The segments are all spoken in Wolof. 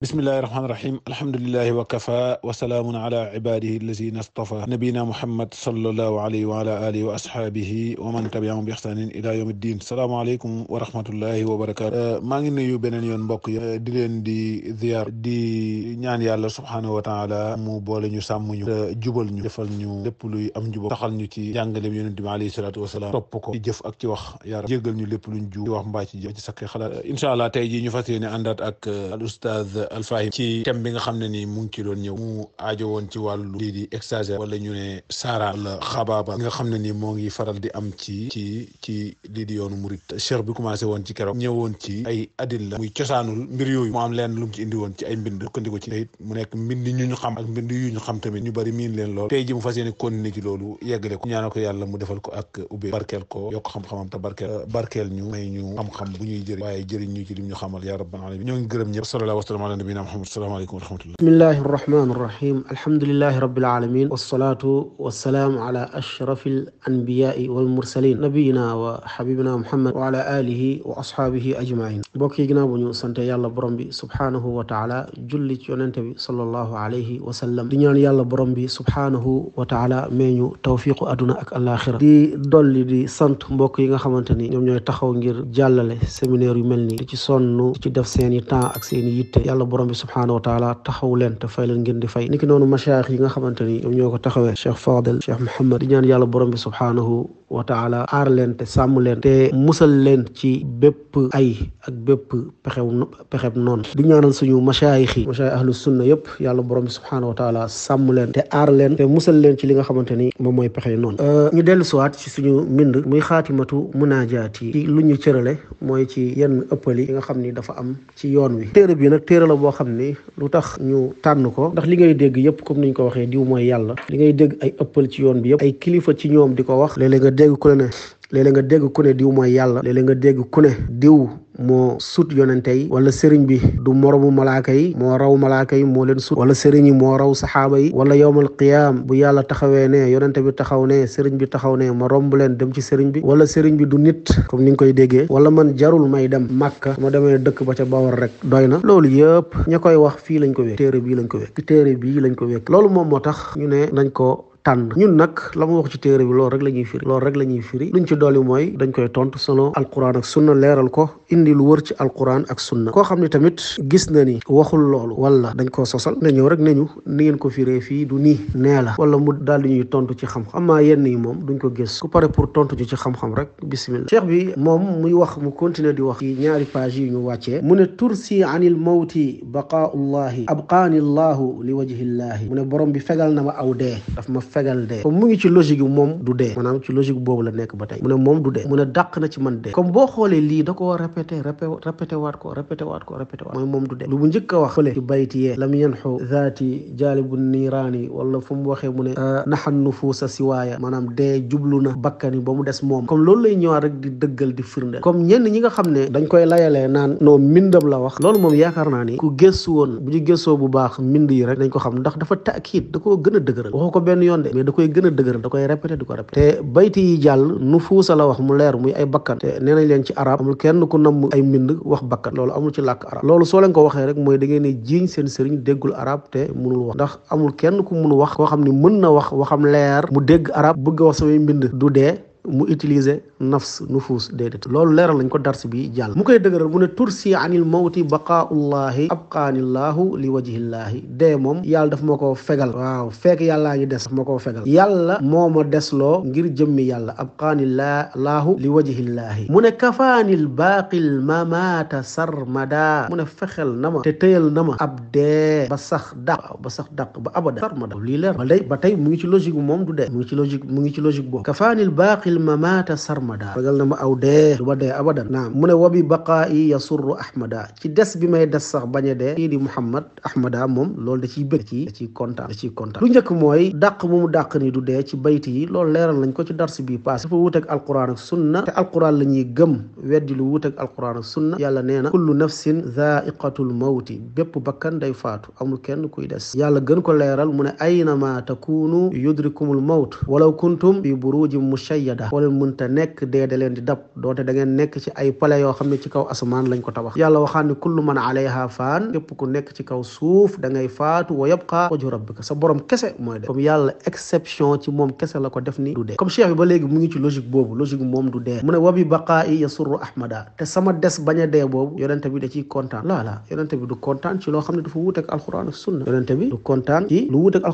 bismillahi rahmaani rahiim alhamdulilahi wa kafa wa salaamun ala ibaadihi allazina stafa nabina muhammad sallallahu alayhi wa ala alihi wa ashaabihi wa man tabiahum bi ixsaanin ila yawmi ddin salaamaaleykum wa rahmatullahi wa barakaatu uh, maa ngi nuyu beneen yoon mbokk yi uh, di leen di ziyaar di ñaan yàlla subhaanahu wa taala mu boole ñu sàmm ñu uh, jubal ñu defal ñu lépp luy am njubam taxal ñu ci jàngaleem yonent bi alayhi salaatu wasalaam topp ko ci jëf ak ci wax yaa rab jéggal ñu lépp luñ ju ci wax mbaa ci jëf ci sakki xalaat incha allah tey jii ñu fas yéene àndaat ak al ustaaz Alfahim ci thème nga xam ne ni mu ngi ci doon ñëw mu aajo woon ci wàllu lii di exagère wala ñu ne saara wala xabaaba nga xam ne ni moo ngi faral di am ci ci ci lii di yoonu murit cheikh bi commencé woon ci keroog ñëwoon ci ay adil la muy cosaanul mbir yooyu mu am leen lu mu woon ci ay mbind dëkkandiko ci mu nekk mbind ñu ñu xam ak yu ñu xam tamit ñu bari miin leen lool tey ji mu fas yéene continuer ci loolu yeggale ko ñaanal ko yàlla mu defal ko ak ubbe barkeel ko yokk xam-xamam te barkeel ñu may ñu xam-xam bu ñuy jëriñ ñu ci lim ñu xamal yaa rabbal alamin ñoo ngi gërëm ñëpp sallallahu nabina Muhammad salaamaaleykum wa rahmatullah bismillahi arrahmani irrahim alhamdulilahi rabilalamin walsalaatu walsalaamu ala ashrafi alanbiyaai walmursalin nabiyina wa xabibina muhammad wa ala alihi wa ashaabihi ajmain mbokk yi ginnaaw bu ñu sante yàlla borom bi subhaanahu wa taala julli ci yonente bi sallallahu alayhi wa sallam di ñaan yàlla borom bi subhaanahu wa taala mee ñu tawfiqu aduna ak alaxira di dolli di sant mbokk yi nga xamante ni ñoom ñooy taxaw ngir jàllale séminaire yu mel nii di ci sonn di ci def seeni temps ak seeni yitte yàlla borom bi subhaanahu wa taala taxaw leen te fay leen ngeen di fay niki noonu machaayix yi nga xamante ni ñoom ko taxawee cheikh fadel cheikh mohamad di ñaan yàlla subhaanahu wa taala aar leen te sàmm leen te musal leen ci bépp ay ak bépp pexew pexeb noonu di ñaanal suñu machaayix yi machaayix ahlu sunna yëpp yàlla borom bi subhaanahu wa taala sàmm leen te aar leen te musal leen ci li nga xamante ni moom mooy pexe noonu euh, ñu dellu siwaat ci suñu mbind muy xaatimatu munaajaat yi ci lu ñu cërale mooy ci yenn ëppal yi nga xam ni dafa am ci yoon wi téere bi nag téere la boo xam ni lu tax ñu tànn ko ndax li ngay dégg yëpp comme niñ ko waxee diw mooy yàlla ay ëppal ci yoon bi yëpp ci ko dégg ku ne léeg nga dégg ku ne diw mooy yàlla léeg nga dégg ku ne diw moo sut yonente yi wala sëriñ bi du moroomu malaaka yi moo raw malaaka yi moo leen sut wala sëriñ yi moo raw saxaaba yi wala yowmal qiyaam bu yàlla taxawee ne yonente bi taxaw ne sëriñ bi taxaw ne ma bu leen dem ci sëriñ bi wala sëriñ bi du nit comme ni nga koy déggee wala man jarul may dem màkka ma demee dëkk ba ca bawar rek doy na loolu yëpp ña koy wax fii lañ ko wékk téere bii lañ ko wékk téere lañ ko tànn ñun nag la mu wax ci téere bi loolu rek la ñuy firi loolu rek la firi luñ ci dolli mooy dañ koy tontu selon alquran ak sunna leeral ko indi lu wër ci alquran ak sunna koo xam ne tamit gis na ni waxul loolu wala dañ koo sosal na ñëw rek nañu ni ngeen ko firee fii du nii nee la wala mu daal di ñuy tontu ci xam-xam amaa yenn yi moom duñ ko gis ku pare pour tontu ci ci xam-xam rek bismillah cheikh bi moom muy wax mu continuer di wax ci ñaari page yi ñu wàccee mu ne tursi anil mawti baqaullahi abqaani llahu li wajhillahi mu ne borom bi fegal na ma aw dee daf fegal dee comme mu ngi ci logique yi moom du dee maanaam ci logique boobu la nekk ba tey mu ne moom du dee mu ne dàq na ci man dee comme boo xoolee lii da koo répété répété waat ko répété waat ko répété waat mooy mu wax fële ci bayti yee lam yanxu zaati wala fu mu waxee mu ne ah, naxan nufuusa siwaaya maanaam dee jublu na bakkani ba mu des moom comme loolu lay ñëwaat rek di dëggal di firndeel comme ñenn ñi nga xam ne dañ koy layalee naan non mindam la wax loolu moom yaakaar naa ni ku gëstu woon bu ñu gëstoo bu baax mind yi rek dañ ko xam ndax dafa taakid da koo gën a dëgëral waxu ko benn yoon de mais da koy gën a da koy répété di ko répété te bayti yi jàll nu fuusa la wax mu leer muy ay bakkan te nee nañ leen ci arab amul kenn ku namm ay mbind wax bakkan loolu amul ci làkk arab loolu soo leen ko waxee rek mooy dangeen ngeen ne jiiñ seen sëriñ déggul arab te munul wax ndax amul kenn ku mun wax koo xam ne mën na wax waxam leer mu dégg arab bëgg wax samay mbind du dee mu utiliser nafs nufuus déedéet loolu leeral lañ ko dars bi jàll mu koy dëgëral mu ne tursi anil mawti baqaullahi abqaanillaahu li wajhillaahi dee moom yàlla daf ma koo fegal waaw fekk yàllaa ngi des daf ma koo fegal yàlla moo ma desloo ngir jëmmi yàlla abqaanillaahu li wajhillaahi mu ne kafaanil baaqil mamaata sarmada mu ne fexel na ma te tëyal na ma ab dee ba sax dàq ba sax dàq ba abada sarmada lii leer ba day mu ngi ci logique moom du dee mu ngi ci logique mu ngi ci logique boobu ma mamata sarmada ragal na ma aw du ma dee abadan naam mu ne wabi baqaayi yasurru ahmada ci des bi may des sax bañ a dee kii di muhammad ahmada moom loolu da ciy bëgg ci da ciy kontaan da lu njëkk mooy daq bu mu dàq ni du dee ci bayti yi loolu leeral nañ ko ci dars bii passé dafa wuuteeg alquran ak sunna te alquran la ñuy gëm weddi lu wuuteeg alquran ak sunna yàlla nee na kullu nafsin zaiqatul mawti bépp bakkan day faatu amul kenn kuy des yàlla gën ko leeral mu ne aynama takunu yudrikumul mawt walaw kuntum fi burujin mushayyada daa boo leen mënta nekk dee da leen di dab doote da ngeen nekk ci ay pale yoo xam ne ci kaw asamaan lañ ko tabax yàlla waxaan ne kullu man alayha faan képp ku nekk ci kaw suuf da ngay faatu wa yabqa wajhu rabbika sa borom kese mooy def comme yàlla ci moom kese la ko def ni du dee ba léegi mu ngi ci logique boobu logique moom du dee mu ne wabi baqaa'i yasurru ahmada des bañ a dee boobu yonente bi da ciy kontaan laa laa yonente bi du kontaan ci loo xam ne dafa wuuteeg alquran ak sunna yonente bi du kontaan ci lu wuuteeg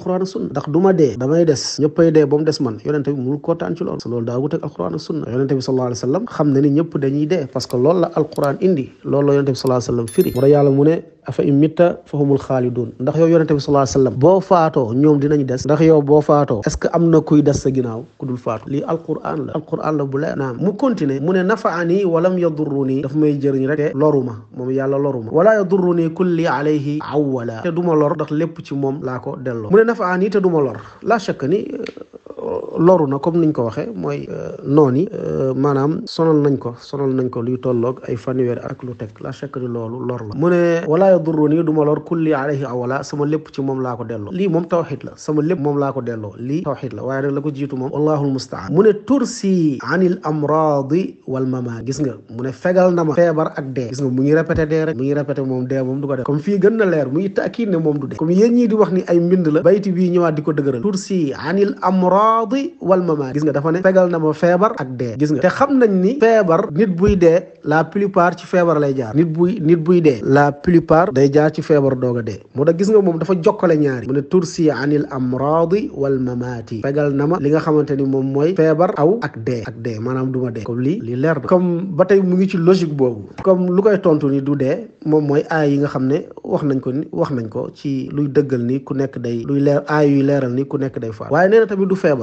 daawut ak alquran ak sunna yonente bi sallallahu alayhi wa sallam xam na ni ñëpp dañuy dee parce que loolu la alquran indi loolu la yonente bi sallallahu alayhi wa sallam firi moo tax yàlla mu ne afa im mitta fa humul xaalidun ndax yow yonente bi sallallahu alayhi wa sallam boo faatoo ñoom dinañ des ndax yow boo faatoo est ce que am na kuy des sa ginnaaw ku dul faatu lii alquran la alquran la bu leer naam mu continuer mu ne nafaani walam yadurruni daf may jëriñ rek te loru ma moom yàlla loru ma wala yadurruni kulli alayhi awwala te du ma lor ndax lépp ci moom laa ko delloo mu ne nafaani te du ma lor laa shakk ni loru na comme niñ ko waxee mooy euh, noon yi euh, maanaam sonal nañ ko sonal nañ ko luy tolloog ay fanweer ak lu teg la chèque di loolu lor la mu ne walaa yadurru nii du ma lor kulli alayhi awala sama lépp ci moom laa ko delloo li moom tawxid la sama lépp moom laa ko delloo lii tawxid la waaye nag la ko jiitu moom allahul mustaan mu ne tursi anil amradi wal mama gis nga mu ne fegal na ma feebar ak dee gis nga mu ngi répété dee rek mu ngi répété moom dee moom du ko def comme fii gën na leer muy taakiin ne moom du dee ko almaadi wal mamaat gis nga dafa ne fegal na ma feebar ak dee gis nga te xam nañ ni feebar nit buy dee la plus plupart ci feebar lay jaar nit buy nit buy dee la plupart day jaar ci feebar doog a dee moo tax gis nga moom dafa jokkale ñaari mu ne tursi anil amraadi wal mamaati fegal na ma li nga xamante ni moom mooy feebar aw ak dee ak dee maanaam du ma dee comme lii lii leer comme ba tey mu ngi ci logique boobu comme lu koy tontu nii du dee moom mooy aay yi nga xam ne wax nañ ko ni wax nañ ko ci luy dëggal ni ku nekk day luy leer leeral ni ku nekk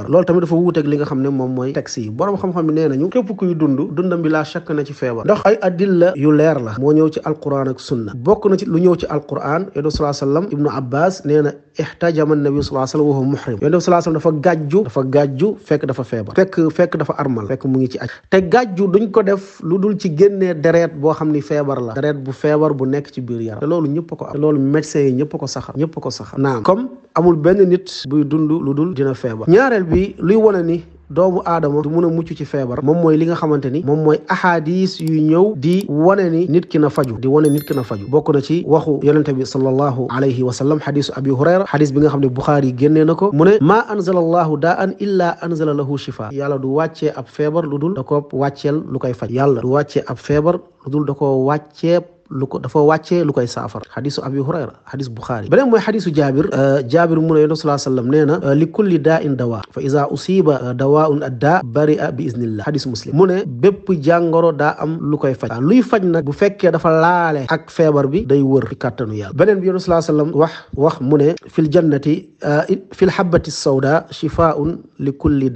loolu tamit dafa wuuteeg li nga xam ne moom mooy taxi yi boroom xam-xam yi nee nañu képp kuy dund dundam bi laa chàkk na ci feebar ndox ay adilla yu leer la moo ñëw ci alquran ak sunna bokk na ci lu ñëw ci alquran yonent salaa sallam ibnu abbas nee na ixtajama nabi salaa sallam wa huwa muhrim yonent salaa sallam dafa gàjju dafa gàjju fekk dafa feebar fekk fekk dafa armal fekk mu ngi ci aj te gàjju duñ ko def lu dul ci génnee deret boo xam ni feebar la dereet bu feebar bu nekk ci biir yaram te loolu ñëpp ko am te loolu médecins yi ñëpp ko saxal ñëpp ko sax naam amul benn nit buy dund lu dul dina feebar ñaareel bi luy wone ni doomu aadama du mun a mucc ci feebar moom mooy li nga xamante ni moom mooy ahadis yu ñëw di wane ni nit ki na faju di wane nit ki na faju bokk na ci waxu yonente bi sallallahu alayhi wa sallam xadisu abi hurayra xadis bi nga xam ne buxaari génnee na ko mu ne maa anzala allahu daan illa anzala lahu shifa yàlla du wàccee ab feebar lu dul da ko wàcceel lu koy faj yàlla du wàccee ab feebar lu dul da ko wàccee lu ko dafa wàccee lu koy saafara xadisu abi hurayra xadis buxaari beneen mooy xadisu jabir euh, jaabir mu ne yonent sallallahu alayhi wasallam nee na euh, li kulli daa in dawa fa iza usiba euh, dawaun adda bari a bi iznillah xadis muslim mu ne bépp jàngoro daa am lu koy faj luy faj nag bu fekkee dafa laale ak feebar bi day wër ci kàttanu yàlla beneen bi yonent sallallahu alayhi wax wax mu ne fil jannati fi habati sawda shifaun li kulli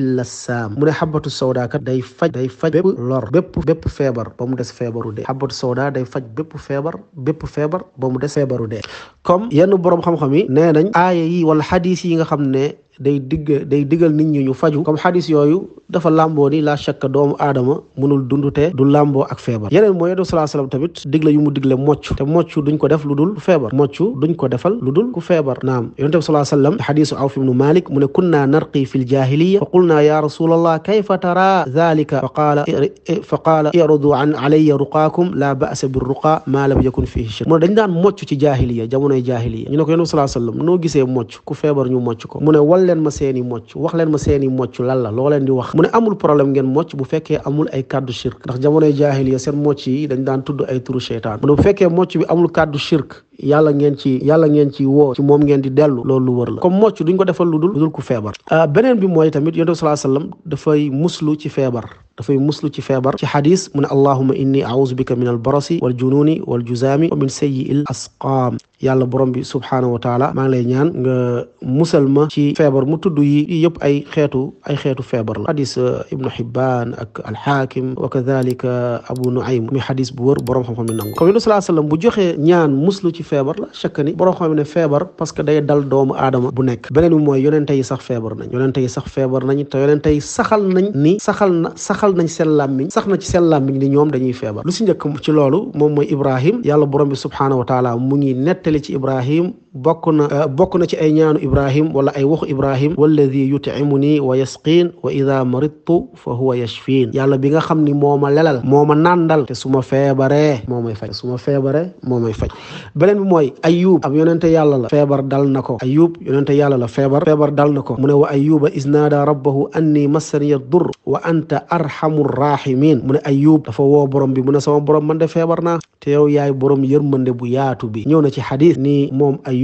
illa saam mu ne habatu sawda kat day faj day faj bépp lor bépp feebar ba mu des feebaru dee habatu sawda day faj bépp feebar bépp feebar ba mu des feebaru dee comme yenn boroom xam-xam yi nee nañ yi wala xadiis nga xam ne day digg day diggal nit ñi ñu faju comme xadis yooyu dafa làmboo ni la shakka doomu aadama mënul dundute du lamboo ak feebar yeneen mooy yonent bi sallallahu alayhi wasallam tamit digle yu mu digle mocc te mocc duñ ko def lu dul feebar mocc duñ ko defal lu dul ku feebar naam yonent bi sallallahu alayhi wasallam xadisu awf ibnu malik mu ne kunna narqi fi ljahiliya fa qulna ya rasulallah kayfa tara dhalika fa qaala fa qaala irudu an alayya ruqaakum la ba'sa bir ruqa ma lam yakun fihi shirk mu ne dañ daan mocc ci jahiliya jamonoy jahiliya ñu ne ko yonent bi sallallahu alayhi wasallam noo gisee mocc ñu mocc waxal leen ma seeni mocc wax leen ma seeni mocc lan la loo leen di wax mu ne amul problème ngeen mocc bu fekkee amul ay kàddu shirk ndax jamonoy jaahiliya seen mocc yi tudd ay turu seytaan mu bu fekkee mocc bi amul kàddu shirk yàlla ngeen ci yàlla ci woo ci moom ngeen di dellu loolu lu la comme mocc duñ defal lu ku feebar ah, beneen bi mooy tamit yonent bi sallallahu wasallam dafay muslu ci feebar dafay muslu ci feebar ci xadis mu ne inni auzu bika min al barasi yàlla borom bi subhaanahu wa taala maa ngi lay ñaan musal ma ci feebar mu tudd yi yëpp ay xeetu ay xeetu feebar la xadis uh, ibnu xibbaan ak alxaakim wa kadalika abu nuaym muy xadis bu wër borom xam-xam ne nangu comme salaa sallam bu joxee ñaan muslu ci feebar la chakka ni xam ne feebar parce que day dal doomu aadama bu nekk beneen bi mooy yonente yi sax feebar nañ yonente yi feebar nañ te saxal nañ ni saxal na saxal nañ seen làmmiñ sax na ci seen làmmiñ ni ñoom dañuy feebar lu si njëkk ci loolu yàlla borom bi subhaanahu wa mu ngi nettali jële ci ibrahim bokk na eh, bokk na ci ay ñaanu ibrahim wala ay waxu ibrahim walladi yut'imuni wa yasqiin wa ida maridtu fa huwa yashfiin yàlla bi nga xam ni moo ma lelal moo ma nàndal su ma feebaree moo may faj su feebaree moo may faj beneen bi mooy ayub ab yonente yàlla la feebar dal na ko ayub yonente yàlla la feebar feebar dal na ko mu ne wa ayuba isnaada rabbahu anni massaniya dur wa anta arhamu rahimin mu ne ayub dafa woo borom bi mu ne sama borom man de feebar naa te yow yaay borom yërmande bu yaatu bi ñëw ci xadis ni moom ayub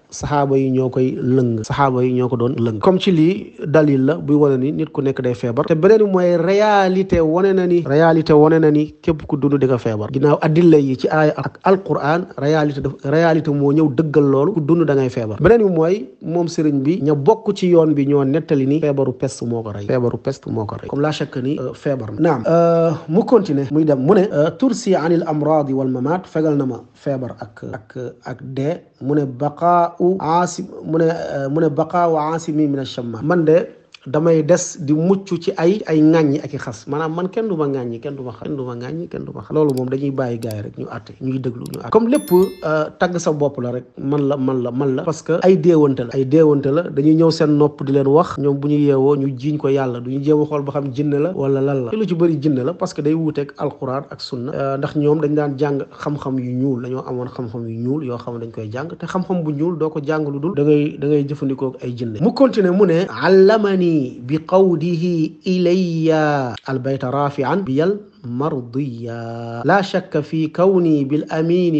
saxaaba yi ñoo koy lëng saxaaba yi ñoo ko doon lëng comme ci lii dalil la buy wane ni nit ku nekk day feebar te beneen bi mooy réalité wone na ni réalité wane na ni képp ku dund di nga feebar ginnaaw addilla yi ci aaya ak alquran réalité daf réalité moo ñëw dëggal loolu dund da feebar beneen bi mooy moom sëriñ bi ña bokk ci yoon bi ñoo nettali ni feebaru peste moo ko rey feebaru peste moo ko rey comme la chaque ni euh, feebar na naam euh, mu continuer muy dem mu ne euh, tursi anil amradi wal mamat fegal na ma feebar ak ak ak dee mu ne baqaa baqaa'u aasi mu ne mu ne baqaa'u aasimi min alchamma man de damay des di mucc ci ay ay ŋàññi ak i xas man kenn du ma ŋàññi kenn du ma xas kenn du ma ŋàññi kenn du ma xas loolu moom dañuy bàyyi gars yi rek ñu àtte ñuy déglu ñu àtte comme lépp euh, tagg sa bopp la rek man la man la man la parce que ay déewante la ay déewante la dañuy ñëw seen nopp di leen wax ñoom bu ñu yeewoo ñu jiiñ ko yàlla du ñu jéem xool ba xam jinne la wala lan la lu ci bëri jinne la parce que day wuuteeg alquran ak sunna euh, ndax ñoom dañ daan jàng xam-xam yu ñuul dañoo amoon xam yu ñuul yoo xam dañ koy jàng xam-xam bu ñuul doo ko jàng lu da ngay jëfandikoo ay jinne bi عني بقوله إلي البيت رافعا بيل مرضيا لا شك في كوني bi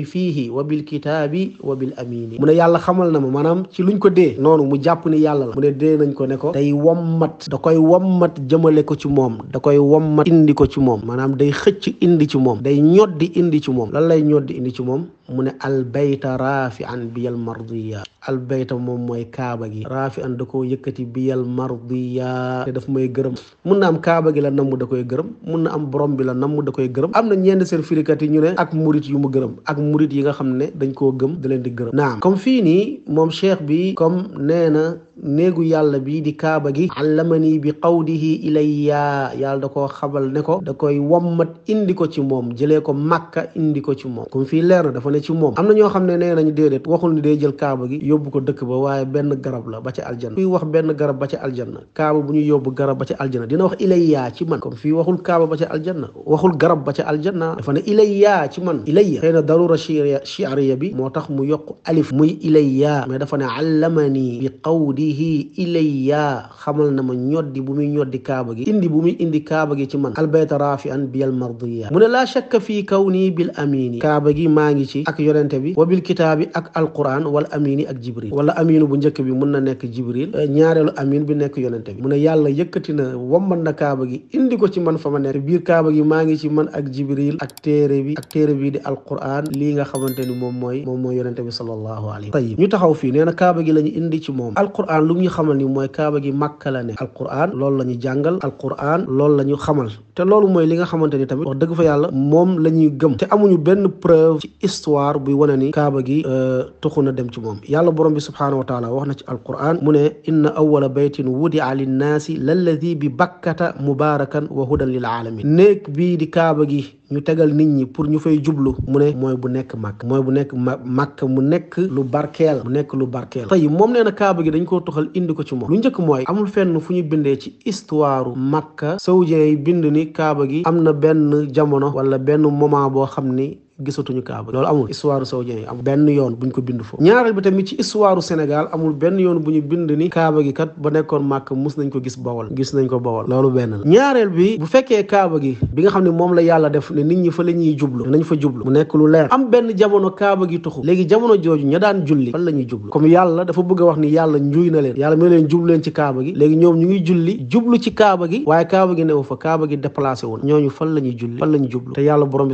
فيه وبالكتاب وبالأمين mu ne yàlla xamal na ma maanaam ci luñ ko dee noonu mu jàpp ni yàlla la mu ne dee nañ ko ne ko day wommat da koy wommat jëmale ko ci moom da koy wommat indi ko ci moom maanaam day xëcc indi ci moom day ñoddi indi ci moom lan lay ñoddi indi ci moom mu ne albayta raafi an biyal mardiya albayta moom mooy kaaba gi raafi an da koo yëkkati biyal mardiya te daf mooy gërëm mun na am kaaba gi la namm da koy gërëm mun na am borom bi la namm da koy gërëm am na ñenn seen firikat yi ñu ne ak murit yu mu gërëm ak murit yi nga xam ne dañ koo gëm da leen di gërëm naam comme fii nii moom cheikh bi comme nee na néegu yàlla bi di kaaba gi allamani bi qawdihi ilayya yàlla da ko xabal ne ko da koy wommat indi ko ci moom jëlee ko màkka indi ko ci moom comme fii leer na dafa ne ci moom am na ñoo xam ne nee nañ déedéet waxul ni day jël gi yóbbu ko dëkk ba waaye benn garab la ba ca aljanna kuy wax benn garab ba ca aljanna kaaba bu ñu yóbbu garab ba ca aljanna dina wax ilayya ci man comme fii waxul kaaba ba ca aljanna waxul garab ba ca aljanna dafa ne ilayya ci man ilayya xëy na darura shi'riya bi moo tax mu yokk alif muy ilayya mais dafa ne allamani bi qawdi bihi ilayya xamal na ma ñoddi bu muy ñoddi kaaba gi indi bu muy indi kaaba gi ci man albayta raafi an biyal mardiya mu ne laa shakka fii kawni bil amini kaaba gi maa ngi ci ak yonente bi wa bil kitaabi ak alquran wala amini ak jibril wala aminu bu njëkk bi mun na nekk jibril euh, ñaareelu amin bi nekk yonente bi mu ne yàlla yëkkati na wamman na kaaba gi indi ko ci man fa ma nekk biir kaaba gi maa ngi ci man ak jibril ak téere bi ak téere bi di alquran lii nga xamante ni moom mooy moom mooy yonente bi sallallahu ñu taxaw fii nee kaaba gi lañu indi ci moom alquran lu ñu xamal ni mooy kaaba gi màkka la ne alquran loolu la ñu jàngal alquran loolu la ñu xamal te loolu mooy li nga xamante ni tamit wax dëgg fa yàlla moom la ñuy gëm te amuñu benn preuve ci histoire buy wane kaaba gi euh, tuxu na dem ci moom yàlla boroom bi subhaanahu wa taala wax na ci alquran mu ne inna awwala baytin wudia linnaasi lalladi bi bakkata mubaarakan wa hudan lil aalamin néeg bii di gi ñu tegal nit ñi pour ñu fay jublu mu ne mooy bu nekk màkk mooy bu nekk ma màkk mu nekk lu barkeel mu nekk lu barkeel tey moom nee na kaaba gi dañ koo toxal indi ko ci moom lu njëkk mooy amul fenn fu ñu bindee ci histoire màkka saoudien yi bind ni kaaba gi am na benn jamono wala benn moment boo xam ni gisatuñu Kaaba loolu amul histoire saoudien yi amul ko bind foofu ñaareel bi tamit ci histoire Sénégal amul benn yoon bu ñu bind ni Kaaba gi kat ba nekkoon màkk mus nañ ko gis bawol gis nañ ko bawol loolu benn la ñaareel bi bu fekkee Kaaba gi bi nga xam ne moom la yàlla def ne nit ñi fa la ñuy jublu nañ fa jublu mu nekk lu leer am benn jamono Kaaba gi tuxu léegi jamono jooju ña daan julli fan la ñuy jublu comme yàlla dafa bëgg a wax ni yàlla njuuy na leen yàlla mi leen jublu leen ci Kaaba gi léegi ñoom ñu ngi julli jublu ci Kaaba gi waaye Kaaba gi newu fa Kaaba gi déplacé woon ñooñu fan la ñuy julli fan la ñuy jublu yàlla borom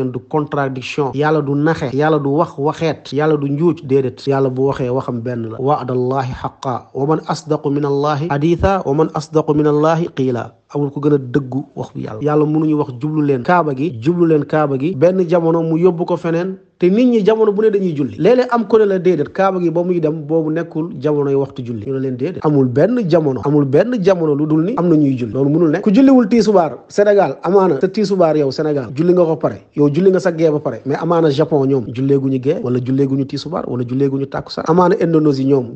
leen du contradiction yàlla du naxe yàlla du wax waxeet yàlla du njuuj déedéet yàlla bu waxee waxam benn la waadallahi xaqa wa man asdaqu min allahi haditha wa man asdaqu min allahi qiila amul a dëggu wax bu yàlla wax leen kaaba gi jublu leen kaaba gi benn jamono mu yóbbu ko feneen te nit ñi jamono bu ne dañuy julli léeg-léeg am ko ne la déedéet kaaba gi ba muy dem boobu nekkul jamono yi waxtu julli ñu ne leen déedéet amul benn jamono amul benn jamono lu dul ni am na ñuy julli loolu mënul nekk ku julliwul tiisubaar Sénégal amaana sa tiisubaar yow Sénégal julli nga ko pare yow julli nga sa gee ba pare mais amaana Japon ñoom julleeguñu gee wala julleeguñu tiisubaar wala julleeguñu tàkkusaan amaana Indonésie ñoom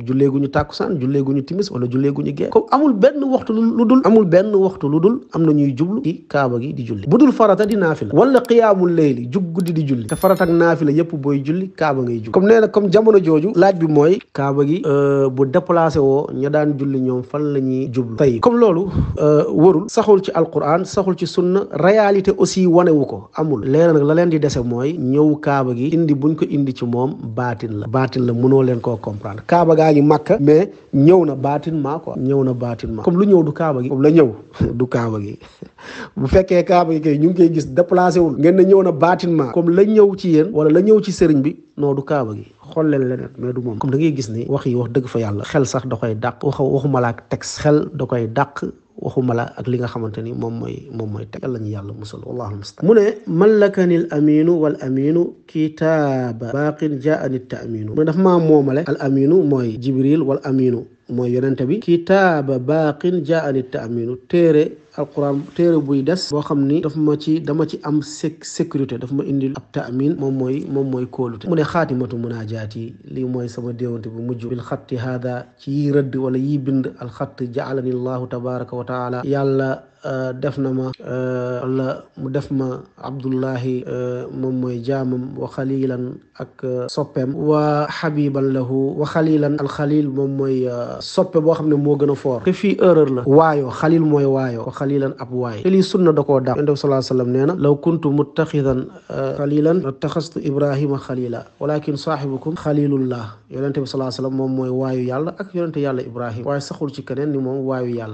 ñu tàkkusaan julleeguñu timis wala julleeguñu gee comme amul benn waxtu lu dul amul benn waxtu waxtu lu dul am na ñuy jublu ci kaaba gi di julli bu dul farata di naafila wala qiyaamul layli jug guddi di julli te farata ak naafila yépp booy julli kaaba ngay jug comme nee na comme jamono jooju laaj bi mooy kaaba gi euh, bu déplacé woo ña daan julli ñoom fan la ñuy jublu tey comme loolu euh, warul saxul ci alquran saxul ci sunna réalité aussi wanewu ko amul léena nag la di dese mooy ñëw kaaba gi indi buñ ko indi ci moom baatin la baatin la mënoo leen koo comprendre kaaba gaa ngi màkka mais ñëw na baatin ñëw na baatin maa lu ñëw du kaaba gi la ñëw du kaaba gi bu fekkee kaaba gi kay ñu ngi koy gis déplacé wul ngeen na ñëw na bâtiment comme la ñëw ci yéen wala la ñëw ci sëriñ bi non du kaaba gi xool leen leneen mais du moom comme da ngay gis ni wax yi wax dëgg fa yàlla xel sax da koy dàq wax waxuma la ak xel da koy dàq waxuma la ak li nga xamante ni moom mooy moom mooy tegal lañu yàlla musal wallahu mustaan mu ne malakani l aminu wal aminu kitaaba baaqin jaani taaminu mu ne daf maa moomale al aminu mooy jibril wal aminu mooy yonente bi kitaaba baaqin jaani taaminu téere alquran téere buy des boo xam ni daf ma ci dama ci am sé sécurité daf ma indil ab taamin moom mooy moom mooy kóolute mu ne xaatimatu munaajaat yi lii mooy sama déewante bu mujj bil xatti haada ci yi rëdd wala yi bind alxatt jaalani allahu tabaraka wa Euh, def na ma euh, walla mu def ma abdullahi euh, moom mooy jaamam wa xalilan ak soppeem wa xabiban lahu wa xalilan alxalil moom mooy soppe boo xam ne moo gën a foor te fii erreur la waayo xalil mooy waayo wa ab waay te lii sunna da koo dàq yonent bi salaa sallam nee na law kuntu muttaxidan xalilan attaxastu ibrahima xalila walakin saaxibukum xalilullah yonent bi salaa sallam moom mooy waayu yàlla ak yonent yàlla ibrahima waaye saxul ci keneen ni moom waayu yàlla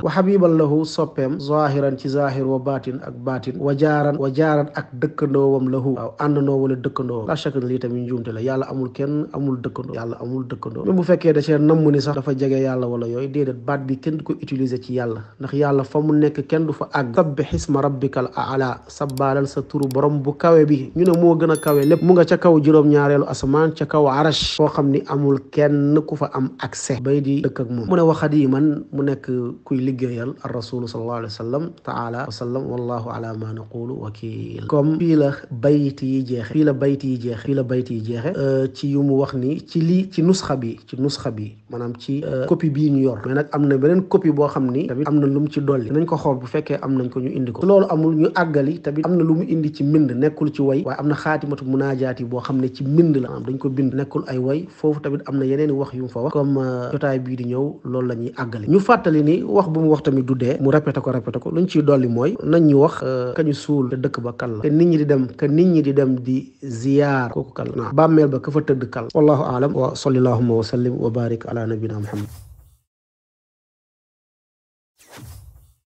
wa zahiran ci zahir wa batin ak batin wa jaaran wa jaaran ak dëkkandoowam lahu waaw àndandoo wala dëkkandoowam la shakk lii tamit njuumte la yàlla amul kenn amul dëkkandoo yàlla amul dëkkandoo même bu fekkee da cee namm ni sax dafa jege yàlla wala yooyu déedéet baat bi kenn du ko utiliser ci yàlla ndax yàlla fa mu nekk kenn du fa àgg sabbixisma rabbikal aala sabbaalal sa turu borom bu kawe bi ñu ne moo gën a kawe lépp mu nga ca kaw juróom-ñaareelu asamaan ca kaw arash foo xam ni amul kenn ku fa am accès bay di dëkk ak moom mu ne waxat yi man mu nekk kuy liggéeyal ar rasulu sallallahu alayhi taala wa sallam wallahu ala ma naqulu wakil comme fii la bayt yi jeexe fii la bayt yi jeexe fii la bayt yi jeexe euh, ci yu mu wax ni ci lii ci nusxa bi ci nusxa bi maanaam ci euh, copie bii ñu yor mais nag na beneen copie boo xam ni tamit am na lu mu ci dolli dinañ ko xool bu fekkee am nañ ko ñu indi ko loolu amul ñu àggali tamit am na lu mu indi ci mbind nekkul ci way waaye am na xaatimatu munaajaat yi boo xam ne ci mbind la am dañ ko bind nekkul ay way foofu tamit am na yeneen wax yu mu fa wax comme euh, jotaay bii di ñëw loolu la ñuy àggali ñu fàttali ni wax bu mu wax tamit du dee mu répété ko répété ko luñ ciy dolli mooy nañ ñu wax euh, kañu suul te dëkk ba kan la te nit ñi di dem ka nit ñi di dem di ziyaar kooku kan la bàmmeel ba ka fa tëdd kan la wallahu aalam wa salli allahuma wa sallim wa barik ala nabina muhammad